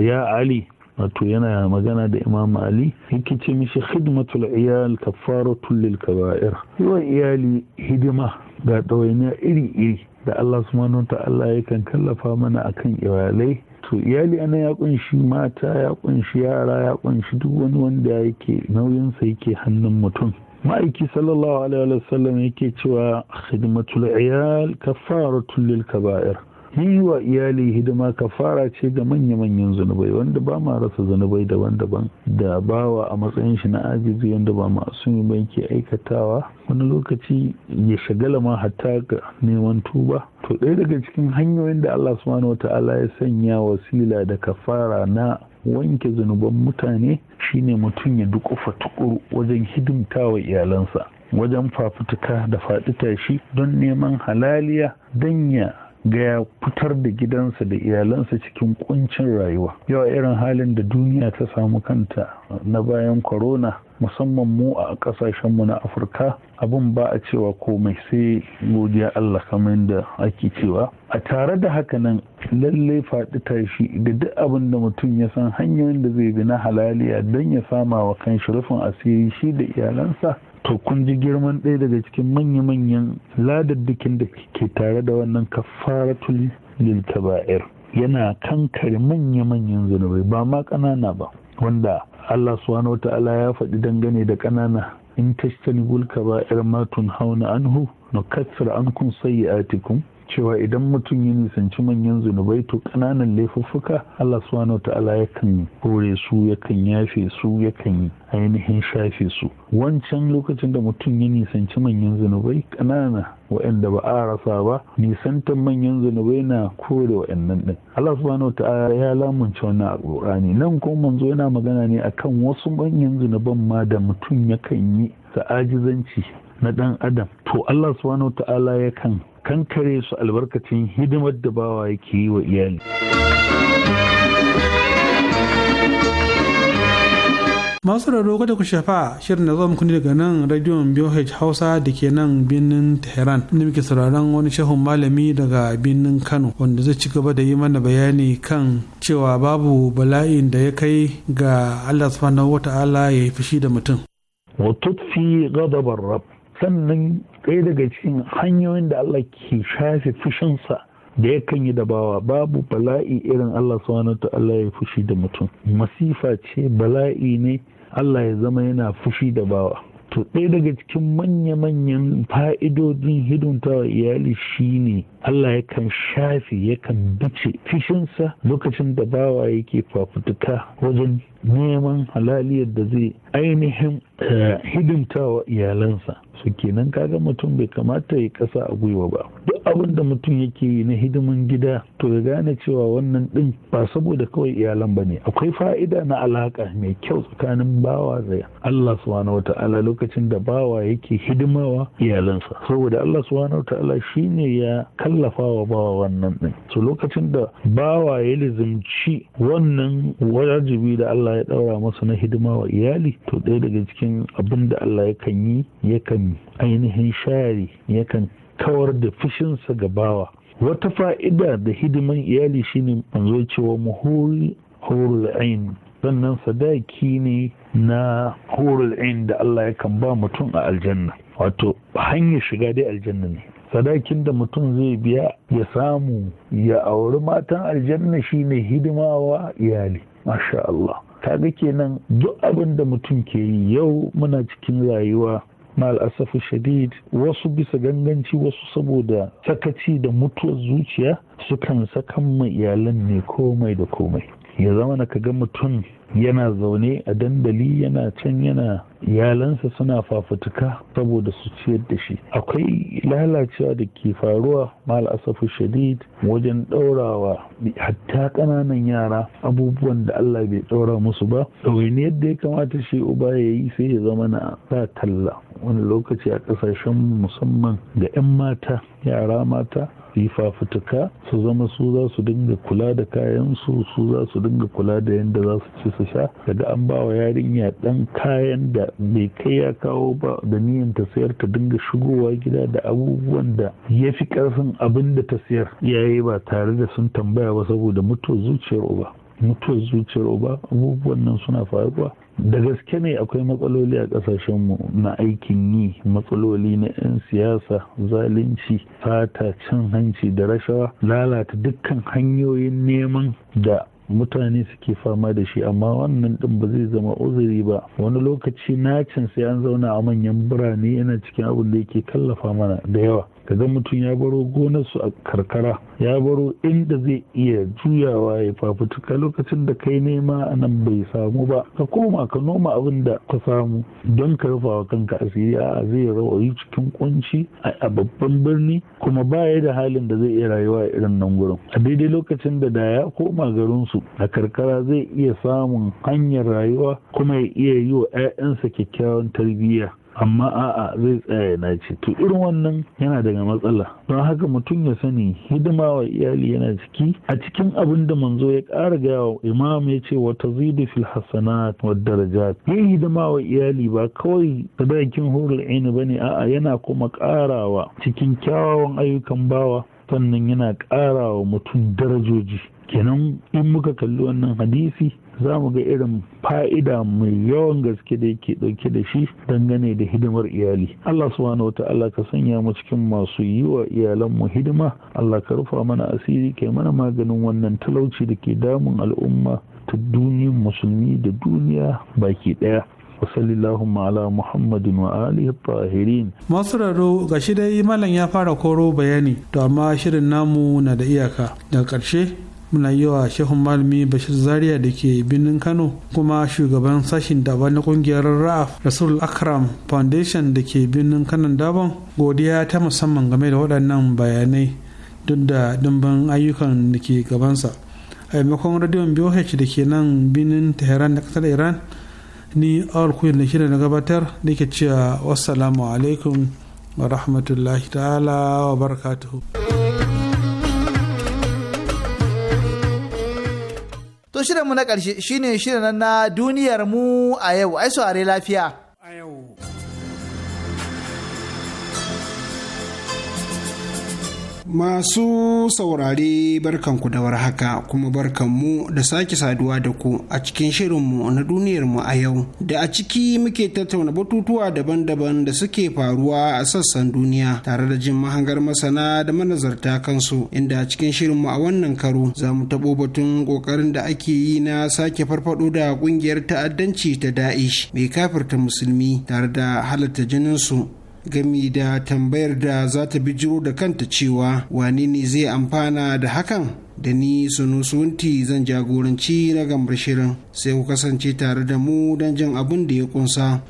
يا علي wato yana magana da imam ali yake ce mishi khidmatul iyal kafaratul lil kaba'ir yiwa iyali hidima ga ɗawainiya iri-iri da Allah subhanahu ta'ala yakan kallafa mana akan iyalai to iyali ana ya kunshi mata ya kunshi yara ya kunshi duk wani wanda yake nauyinsa yake hannun mutum ma'aiki sallallahu alaihi wa sallam yake cewa khidmatul iyal kafaratul lil kaba'ir yi wa iyali hidima kafara ce ga manya-manyan zunubai wanda ba ma rasa zunubai daban-daban da bawa a matsayin shi na ajizi wanda ba masu ba ke aikatawa wani lokaci ya shagala ma hatta ga neman tuba to ɗaya daga cikin hanyoyin da Allah subhanahu wata'ala ya sanya wasila da kafara na wanke zunuban mutane shine mutum ya dukufa tukuru wajen hidimtawa iyalansa wajen fafutuka da faɗi shi don neman halaliya don ya ga ya fitar da gidansa da iyalansa cikin kuncin rayuwa yawa irin halin da duniya ta samu kanta na bayan korona musamman mu a kasashenmu na afirka abin ba a cewa komai sai godiya allah kamar da ake cewa a tare da haka nan lallai faɗi tashi da duk abin da mutum ya san hanyoyin da zai bi na halaliya don ya samawa kan kanshi rufin asiri shi da iyalansa to kun ji girman ɗaya daga cikin manya-manyan ladaddukin da ke tare da wannan kafaratul lil kaba'ir yana kankare manya-manyan zunubai ba ma ƙanana ba wanda Allah subhanahu wata'ala ya faɗi dangane da ƙanana in tashtani gul kaba'ir ma tun hauna anhu kun sayi atikun cewa idan mutum ya nisanci manyan zunubai to ƙananan laifuffuka Allah subhanahu ta'ala yakan kore su yakan yafe su yakan ainihin shafe su wancan lokacin da mutum ya nisanci manyan zunubai ƙanana wa'anda ba a rasa ba nisantar manyan zunubai na kore wa'annan ɗin Allah subhanahu ta'ala ya lamunce wannan alƙur'ani nan kuma manzo yana magana ne akan wasu manyan zunuban ma da mutum yakan yi sa ajizanci na ɗan adam to Allah subhanahu ta'ala yakan kankare su albarkacin hidimar da bawa yake yi wa iyali masu raro kada ku shafa shirin da zuwa daga nan radiyon BOH Hausa da ke nan birnin Tehran inda muke sauraron wani shehun malami daga birnin Kano wanda zai ci gaba da yi mana bayani kan cewa babu bala'in da ya kai ga Allah subhanahu wata'ala ya yi fushi da mutum. Wa tutfi ghadabar rab sannan ɗaya daga cikin hanyoyin da Allah ke shafe fushinsa da yakan yi da bawa babu bala'i irin Allah subhanahu ta'ala ya fushi da mutum masifa ce bala'i ne Allah ya zama yana fushi da bawa to ɗaya daga cikin manya-manyan fa'idodin hidimtawa iyali shine Allah yakan shafe yakan bice fushinsa lokacin da bawa yake fafutuka wajen neman halaliyar da zai ainihin eh, wa iyalansa su kenan kaga mutum bai kamata ya kasa a gwiwa ba duk abin da mutum yake yi na hidiman gida to ya gane cewa wannan din ba saboda kawai iyalan ba ne akwai fa'ida na alaka mai kyau tsakanin bawa da Allah subhanahu wata'ala lokacin da bawa yake hidimawa iyalansa saboda Allah subhanahu wata'ala shine ya kallafa wa bawa wannan din to lokacin da bawa ya lizimci wannan wajibi da Allah ya daura masa na hidimawa iyali to ɗaya daga cikin abin da Allah kan yi ya yakan ainihin shari yakan kawar da fushinsa ga bawa wata fa'ida da hidiman iyali shine manzo cewa muhuri hurul ain sannan sadaki ne na hurul ain da Allah yakan ba mutum a aljanna wato hanyar shiga dai aljanna ne sadakin da mutum zai biya ya samu ya auri matan aljanna shine hidimawa iyali masha Allah kaga kenan duk abin da mutum ke yi yau muna cikin rayuwa asafu shadid wasu bisa ganganci wasu saboda sakaci da mutuwar zuciya sukan sakan ma iyalan ne komai da komai ya zama na ga mutum yana zaune a dandali yana can yana iyalansa suna fafutuka saboda su ciyar da shi akwai lalacewa da ke faruwa mal asafu shadid wajen ɗaurawa hatta kananan yara abubuwan da Allah bai daura musu ba ne yadda ya kamata shi uba ya yi sai ya zama na sa talla wani lokaci a ƙasashen musamman ga 'yan mata yara mata su fafutuka su zama su za su dinga kula da kayansu su za su dinga kula da yadda za su ci su sha daga an ba wa yarinya dan kayan da bai kai ya kawo ba da niyan ta sayar ta dinga shigowa gida da abubuwan da ya fi karfin abin da ta sayar yayi ba tare da sun tambaya ba saboda mutuwar zuciyar uba mutuwar zuciyar uba abubuwan nan suna faruwa da gaske ne akwai matsaloli a kasashenmu na aikin yi matsaloli na 'yan siyasa zalunci fata cin hanci da rashawa lalata dukkan hanyoyin neman da mutane suke fama da shi amma wannan din ba zai zama uzuri ba wani lokaci na nacin sai an zauna a manyan birane yana cikin abin da yake kallafa mana da yawa kaga mutum ya baro gonar su a karkara ya baro inda zai iya juyawa ya fafutuka lokacin da kai nema a nan bai samu ba ka koma ka noma abin da ka samu don ka rufa wa kanka asiri a zai rawayi cikin kunci a babban birni kuma baya da halin da zai iya rayuwa a irin nan gurin a daidai lokacin da da ya koma garinsu a karkara zai iya samun hanyar rayuwa kuma ya iya yi wa 'ya'yansa kyakkyawan tarbiyya amma a'a zai tsaya yana ce. to irin wannan yana daga matsala don haka mutum ya sani hidima wa iyali yana ciki a cikin abin da manzo ya ƙara gaya wa imam ya ce wata zidu fil hasanat wa darajat yin hidima wa iyali ba kawai sadakin hurul aini bane a'a yana kuma ƙarawa cikin kyawawan ayyukan bawa sannan yana ƙara mutum darajoji kenan in muka kalli wannan hadisi za mu ga irin fa'ida mai yawan gaske da yake ɗauke da shi dangane da hidimar iyali Allah subhanahu wa ta'ala ka sanya mu cikin masu yi wa iyalan mu hidima Allah ka rufa mana asiri kai mana maganin wannan talauci da ke damun al'umma ta duniyar musulmi da duniya baki ɗaya wasalli Allahumma ala Muhammadin wa alihi tahirin. Masu raro ga shi dai malam ya fara koro bayani to amma shirin namu na da iyaka daga ƙarshe muna yi wa shehun malami bashir zaria da ke binin kano kuma shugaban sashin daba na kungiyar ra'af rasul akram foundation da ke birnin kano daban godiya ta musamman game da waɗannan bayanai duk da dimbin ayyukan da ke gabansa a maimakon radiyon boh da ke nan binin tehran da ƙasar iran ni awal kuyar da shirin na gabatar da ke cewa wasu alaikum wa rahmatullahi ta'ala wa barakatuhu mu na ƙarshe shine shirin na duniyar mu a yau ai saurare lafiya. Masu saurare barkan ku da haka kuma barkanmu da sake saduwa da ku a cikin shirinmu na duniyarmu a yau da a ciki muke tattauna batutuwa daban-daban da suke faruwa a sassan duniya tare da jin mahangar masana da manazarta kansu inda a cikin shirin mu a wannan karo za mu taɓo batun ƙoƙarin da ake yi na sake farfaɗo da ƙungiyar ta'addanci ta Da'ish mai kafirta musulmi tare da halatta su. gami da tambayar da za ta bijiro da kanta cewa wane ne zai amfana da hakan da ni sunusunti zan jagoranci na gambar shirin sai ku kasance tare da mu don jin abin da ya kunsa.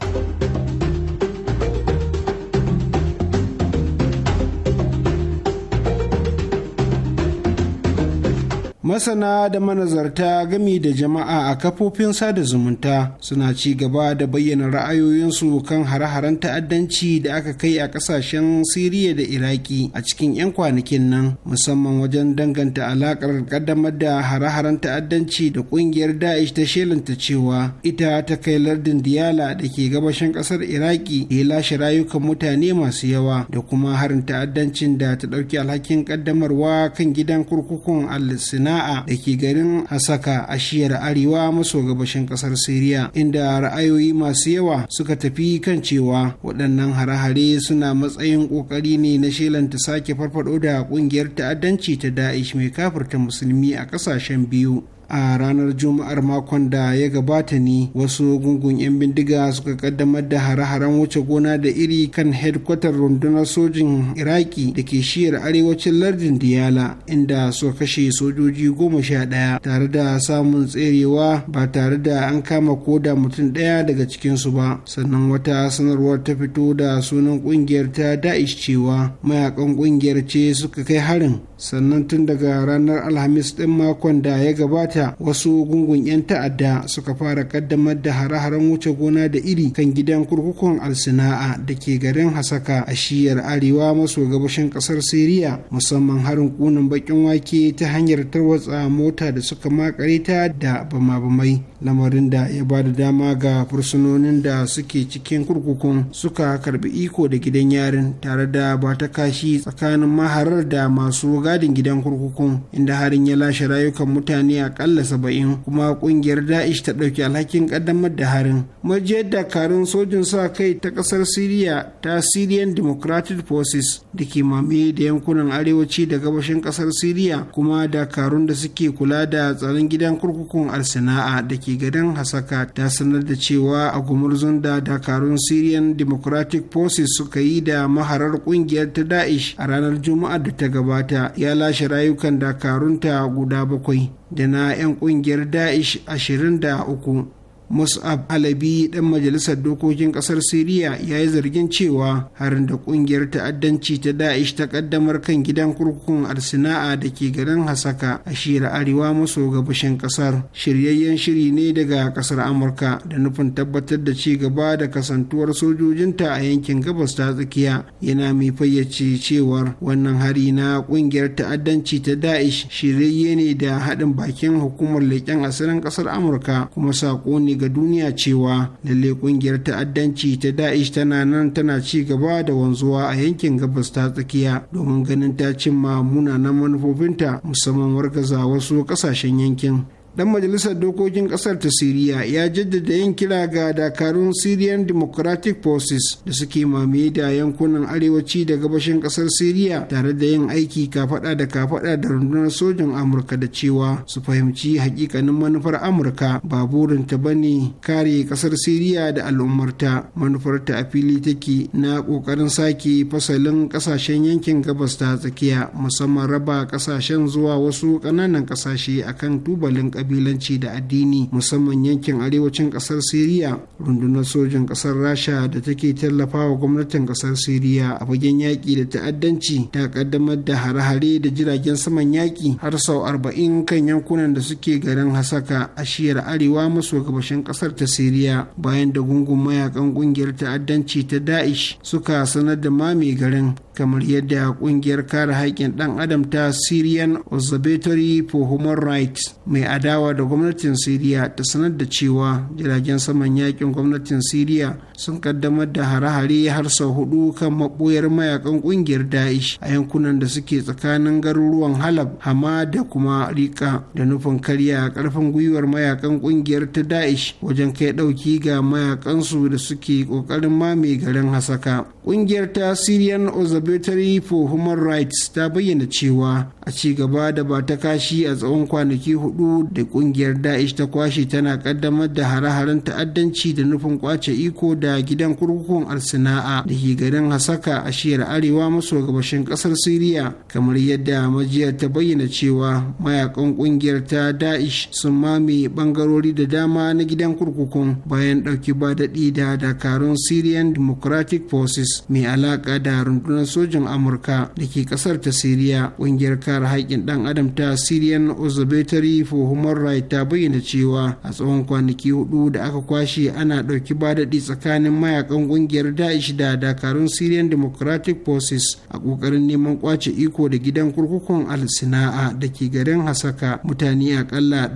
masana da manazarta gami da jama'a a kafofin sada zumunta suna ci gaba da bayyana ra'ayoyinsu kan hare-haren ta'addanci da aka kai a kasashen siriya da iraki a cikin 'yan kwanakin nan musamman wajen danganta alakar kaddamar da hare-haren ta'addanci da kungiyar daesh ta shelanta cewa ita ta kai lardin diyala da ke gabashin kasar iraki ya lashe rayukan mutane masu yawa da kuma harin ta'addancin da ta ɗauki alhakin kaddamarwa kan gidan kurkukun al-sina sana'a da ke garin hasaka a shiyar arewa maso gabashin kasar siriya inda ra'ayoyi masu yawa suka tafi kan cewa waɗannan hare-hare suna matsayin ƙoƙari ne na ta sake farfaɗo da ƙungiyar ta'addanci ta da'ish mai kafirta musulmi a ƙasashen biyu a ranar juma'ar makon da ya gabata ne wasu gungun 'yan bindiga suka kaddamar da hare-haren wuce gona da iri kan hedkwatar rundunar sojin iraki da ke shiyar arewacin lardin diyala inda suka kashe sojoji goma sha ɗaya tare da samun tserewa ba tare da an kama ko da mutum ɗaya daga cikinsu ba sannan wata sanarwar ta fito da sunan ƙungiyar ta da'ish cewa mayakan ƙungiyar ce suka kai harin sannan tun daga ranar alhamis ɗin makon da ya gabata ta wasu gungun 'yan ta'adda suka fara kaddamar da hare-haren wuce gona da iri kan gidan kurkukun alsina'a da ke garin hasaka a shiyar arewa maso gabashin kasar siriya musamman harin kunan bakin wake ta hanyar tarwatsa mota da suka makare ta da bama-bamai lamarin da ya ba da dama ga fursunonin da suke cikin kurkukun suka karbi iko da gidan yarin tare da ba ta kashi tsakanin maharar da masu gadin gidan kurkukun inda harin ya lashe rayukan mutane akalla saba'in kuma kungiyar da'ish ta ɗauki alhakin ƙaddamar da harin majiyar dakarun sojin sa kai ta ƙasar siriya ta syrian democratic forces da ke mame da yankunan arewaci da gabashin ƙasar siriya kuma dakarun da suke kula da tsaron gidan kurkukun al-sana'a da ke ke gadon hasaka ta sanar da cewa a gumurzun da dakarun syrian democratic forces suka yi da maharar kungiyar ta daesh a ranar juma'a da ta gabata ya lashe rayukan dakarunta guda bakwai da na 'yan kungiyar daesh ashirin da uku mus'ab alabi ɗan majalisar dokokin ƙasar siriya ya yi zargin cewa harin da ƙungiyar ta'addanci ta da'ish ta ƙaddamar kan gidan kurkukun arsina'a da ke garin hasaka a shira arewa maso gabashin ƙasar shiryayyen shiri ne daga ƙasar amurka da nufin tabbatar da ci gaba da kasantuwar sojojinta a yankin gabas ta tsakiya yana mai fayyace cewar wannan hari na ƙungiyar ta'addanci ta da'ish shiryayye ne da haɗin bakin hukumar leƙen asirin ƙasar amurka kuma saƙo ne ga duniya cewa lalle kungiyar ta'addanci ta Da'ish tana nan tana ci gaba da wanzuwa a yankin gabas ta tsakiya domin ganin ta cimma munanan manufofinta musamman wargaza wasu kasashen yankin dan majalisar dokokin kasar ta siriya ya jaddada yin kira ga dakarun syrian democratic forces da suke mamaye da yankunan arewaci da gabashin kasar siriya tare da yin aiki kafada da kafada da rundunar sojin amurka da cewa su fahimci hakikanin manufar amurka ba burinta ba ne kare kasar siriya da al'ummarta manufarta a fili take na kokarin sake fasalin kasashen yankin gabas ta tsakiya musamman raba kasashen zuwa wasu ƙananan kasashe akan tubalin kabilanci da addini musamman yankin arewacin kasar siriya rundunar sojin kasar rasha da take tallafawa gwamnatin kasar siriya a fagen yaƙi da ta'addanci ta kaddamar da hare-hare da jiragen saman yaƙi har sau arba'in kan yankunan da suke garin hasaka a shiyar arewa maso gabashin kasar ta siriya bayan da gungun mayakan kungiyar ta'addanci ta da'ish suka sanar da mame garin kamar yadda kungiyar kare haƙƙin ɗan adam ta syrian observatory for human rights mai adawa da gwamnatin syria ta sanar da cewa jiragen saman yakin gwamnatin syria sun kaddamar da hare-hare har sau hudu kan maɓoyar mayakan kungiyar daesh a yankunan da suke tsakanin garuruwan halab hama da kuma rika da nufin karya ƙarfin gwiwar mayakan kungiyar ta daesh wajen kai ɗauki ga mayakansu da suke ƙoƙarin mame garin hasaka kungiyar ta syrian observatory for human rights ta bayyana cewa a ci gaba da ba ta kashi a tsawon kwanaki hudu da kungiyar daesh ta kwashe tana kaddamar da hare-haren ta'addanci da nufin kwace iko da gidan kurkukun arsana'a da ke garin hasaka a shiyar arewa maso gabashin kasar siriya kamar yadda majiyar ta bayyana cewa mayakan kungiyar ta daesh sun mame bangarori da dama na gidan kurkukun bayan dauki ba daɗi da dakarun syrian democratic forces mai alaka da rundunar sojin amurka da ke kasar ta siriya kungiyar kare haƙƙin dan adam ta syrian observatory for human rights ta bayyana cewa a tsawon kwanaki hudu da aka kwashe ana ɗauki daɗi tsakanin mayakan kungiyar daesh da dakarun syrian democratic forces a ƙoƙarin neman kwace iko da gidan kurkukun al-sina'a da ke garin hasaka mutane akalla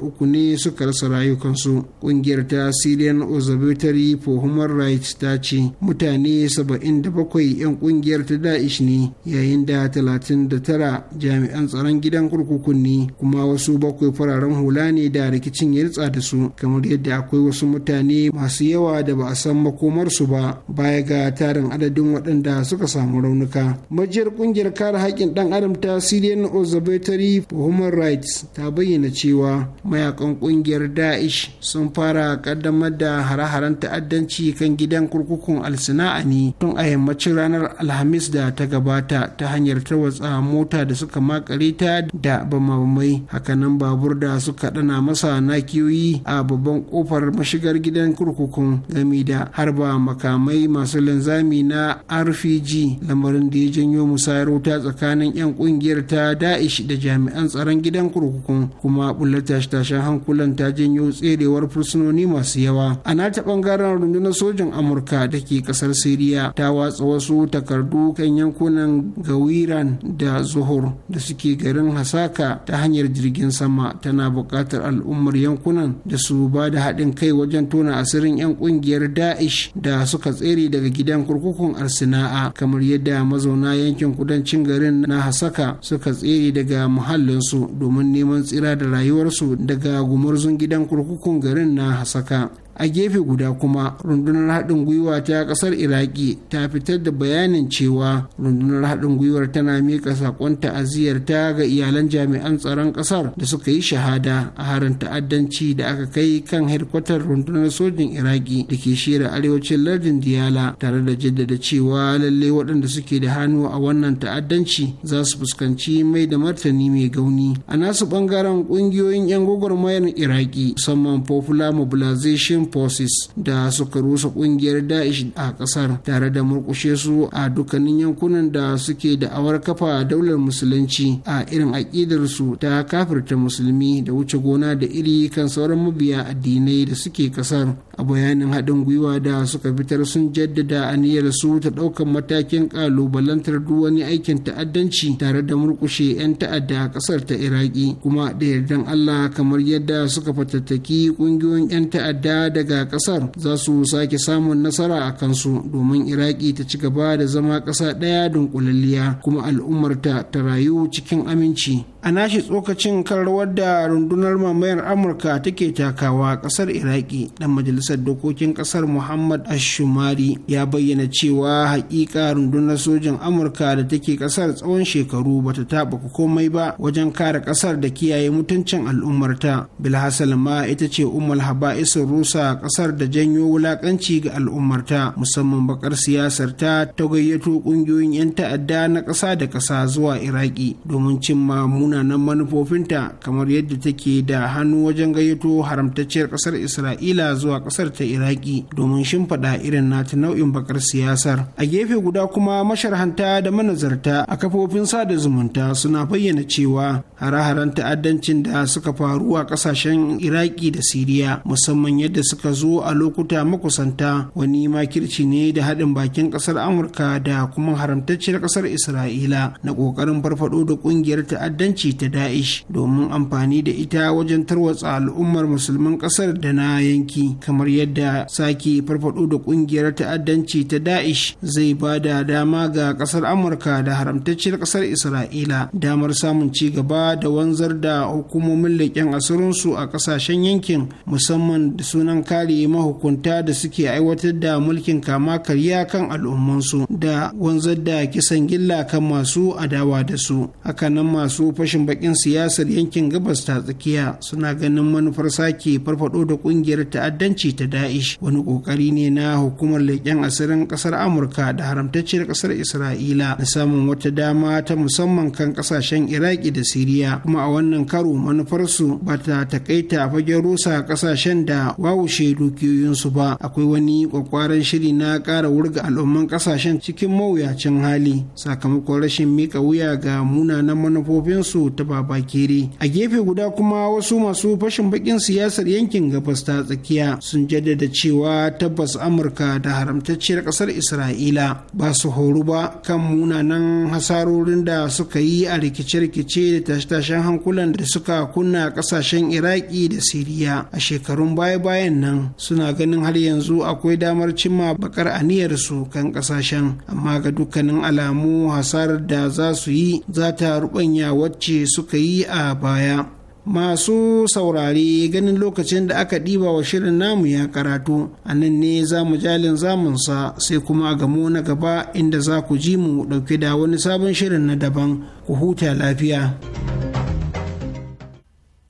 uku ne suka rasa rayukansu kungiyar ta syrian observatory for human rights ta ce mutane 77 'yan kungiyar ta da'ish ne yayin da 39 jami'an tsaron gidan kurkukun ne kuma wasu bakwai fararen hula ne da rikicin ya ritsa da su kamar yadda akwai wasu mutane masu yawa da ba a san makomar su ba baya ga tarin adadin waɗanda suka samu raunuka majiyar kungiyar kare haƙƙin ɗan adam ta syrian observatory for human rights ta bayyana cewa mayakan kungiyar da'ish sun fara ƙaddamar da hare-haren ta'addanci kan gidan kurkukun al-sana'a ne tun a yammacin ranar alhamis da ta gabata ta hanyar tarwatsa mota da suka makare ta da bamamai hakanan babur da suka dana masa nakiyoyi a babban kofar mashigar gidan kurkukun gami da harba makamai masu linzami na rpg lamarin da ya janyo musayar wuta tsakanin 'yan kungiyar ta da'ish da jami'an tsaron gidan kurkukun kuma bulla tashe-tashen hankulan ta janyo tserewar fursunoni masu yawa a nata bangaren rundunar sojin amurka da ke kasar siriya ta watsa wasu takardu kan yankunan gawiran da zuhur da suke garin hasaka ta hanyar jirgin sama tana buƙatar al'ummar yankunan da su ba da haɗin kai wajen tona asirin 'yan ƙungiyar da'ish da suka tsere daga gidan kurkukun arsina'a kamar yadda mazauna yankin kudancin garin na hasaka suka tsere daga muhallinsu domin neman tsira da rayuwarsu daga gumurzun gidan kurkukun garin na hasaka a gefe guda kuma rundunar haɗin gwiwa ta ƙasar iraki ta fitar da bayanin cewa rundunar haɗin gwiwar tana miƙa saƙon ta'aziyyar ta ga iyalan jami'an tsaron ƙasar da suka yi shahada a harin ta'addanci da aka kai kan hedkwatar rundunar sojin iraki da ke shira arewacin lardin diyala tare da jaddada cewa lallai waɗanda suke da hannu a wannan ta'addanci za su fuskanci mai da martani mai gauni a nasu ɓangaren ƙungiyoyin 'yan gwagwarmayar iraki musamman popular mobilization forces da suka rusa kungiyar daesh a kasar tare da murkushe su a dukkanin yankunan da suke da'awar kafa daular musulunci a irin aƙidar su ta kafirta musulmi da wuce gona da iri kan sauran mabiya addinai da suke kasar a bayanin haɗin gwiwa da suka fitar sun jaddada aniyar su ta ɗaukar matakin ƙalubalantar duk wani aikin ta'addanci tare da murkushe 'yan ta'adda a ƙasar ta iraki kuma da yardan allah kamar yadda suka fatattaki ƙungiyoyin 'yan ta'adda daga kasar za su sake samun nasara a kansu domin iraki ta ci gaba da zama ƙasa ɗaya dunkulalliya kuma al'ummarta ta rayu cikin aminci a nashi tsokacin kan rawar da rundunar mamayar amurka take takawa kasar iraki dan majalisar dokokin kasar muhammad ashumari ya bayyana cewa hakika rundunar sojin amurka da take kasar tsawon shekaru bata taba komai ba wajen kare kasar da kiyaye mutuncin al'ummarta bilhassal ma ita ce umar haba'isin rusa a kasar da janyo wulakanci ga al'ummarta musamman bakar siyasar ta ta gayyato kungiyoyin 'yan ta'adda na ƙasa da ƙasa zuwa iraki domin cimma munanan manufofinta kamar yadda take da hannu wajen gayyato haramtacciyar ƙasar isra'ila zuwa ƙasar ta iraki domin shimfiɗa irin nata nau'in bakar siyasar a gefe guda kuma masharhanta da manazarta a kafofin sada zumunta suna bayyana cewa hare-haren ta'addancin da suka faru a ƙasashen iraki da siriya musamman yadda suka suka zo a lokuta makusanta wani makirci ne da haɗin bakin ƙasar amurka da kuma haramtacciyar ƙasar isra'ila na ƙoƙarin farfaɗo da ƙungiyar ta'addanci ta da'ish domin amfani da ita wajen tarwatsa al'ummar musulman ƙasar da na yanki kamar yadda sake farfaɗo da ƙungiyar ta'addanci ta da'ish zai ba da dama ga ƙasar amurka da haramtacciyar ƙasar isra'ila damar samun ci gaba da wanzar da hukumomin leƙen asirinsu a ƙasashen yankin musamman da sunan kare mahukunta da suke aiwatar da mulkin kama karya kan al'ummansu da wanzar da kisan gilla kan masu adawa da su hakanan masu fashin bakin siyasar yankin gabas ta tsakiya suna ganin manufar sake farfado da kungiyar ta'addanci ta da'ish wani kokari ne na hukumar leƙen asirin ƙasar amurka da haramtacciyar ƙasar isra'ila na samun wata dama ta musamman kan ƙasashen iraki da siriya kuma a wannan karo manufarsu ba ta takaita fagen rusa ƙasashen da wawu kwakushe dukiyoyinsu ba akwai wani kwakwaran shiri na ƙara wurga al'umman ƙasashen cikin mawuyacin hali sakamakon rashin mika wuya ga munanan manufofinsu ta babakere a gefe guda kuma wasu masu fashin bakin siyasar yankin gabas ta tsakiya sun jaddada cewa tabbas amurka da haramtacciyar ƙasar isra'ila ba su horu ba kan munanan hasarorin da suka yi a rikice-rikice da tashe-tashen hankulan da suka kunna ƙasashen iraki da siriya a shekarun baya-bayan nan suna ganin har yanzu akwai damar cimma bakar aniyarsu kan kasashen amma ga dukkanin alamu hasarar da za su yi za ta rubanya wacce suka yi a baya masu saurare ganin lokacin da aka ɗiba wa shirin namu ya karatu a nan ne za mu jalin zamunsa sai kuma a gamo na gaba inda za ku ji mu ɗauke da wani sabon shirin na daban ku huta lafiya.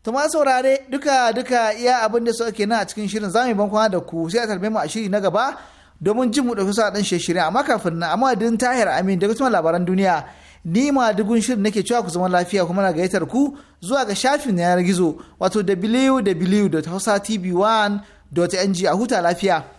To ma saurare duka duka iya abin da suke nan a cikin shirin zamu ban kwana da ku sai a tarbe mu a shiri na gaba domin jin mu dauki sa dan shirin amma kafin na amma din tahir amin daga cikin labaran duniya ni ma dugun shirin nake cewa ku zama lafiya kuma na gayyatar ku zuwa ga shafin yanar gizo wato www.hausatv1.ng a huta lafiya.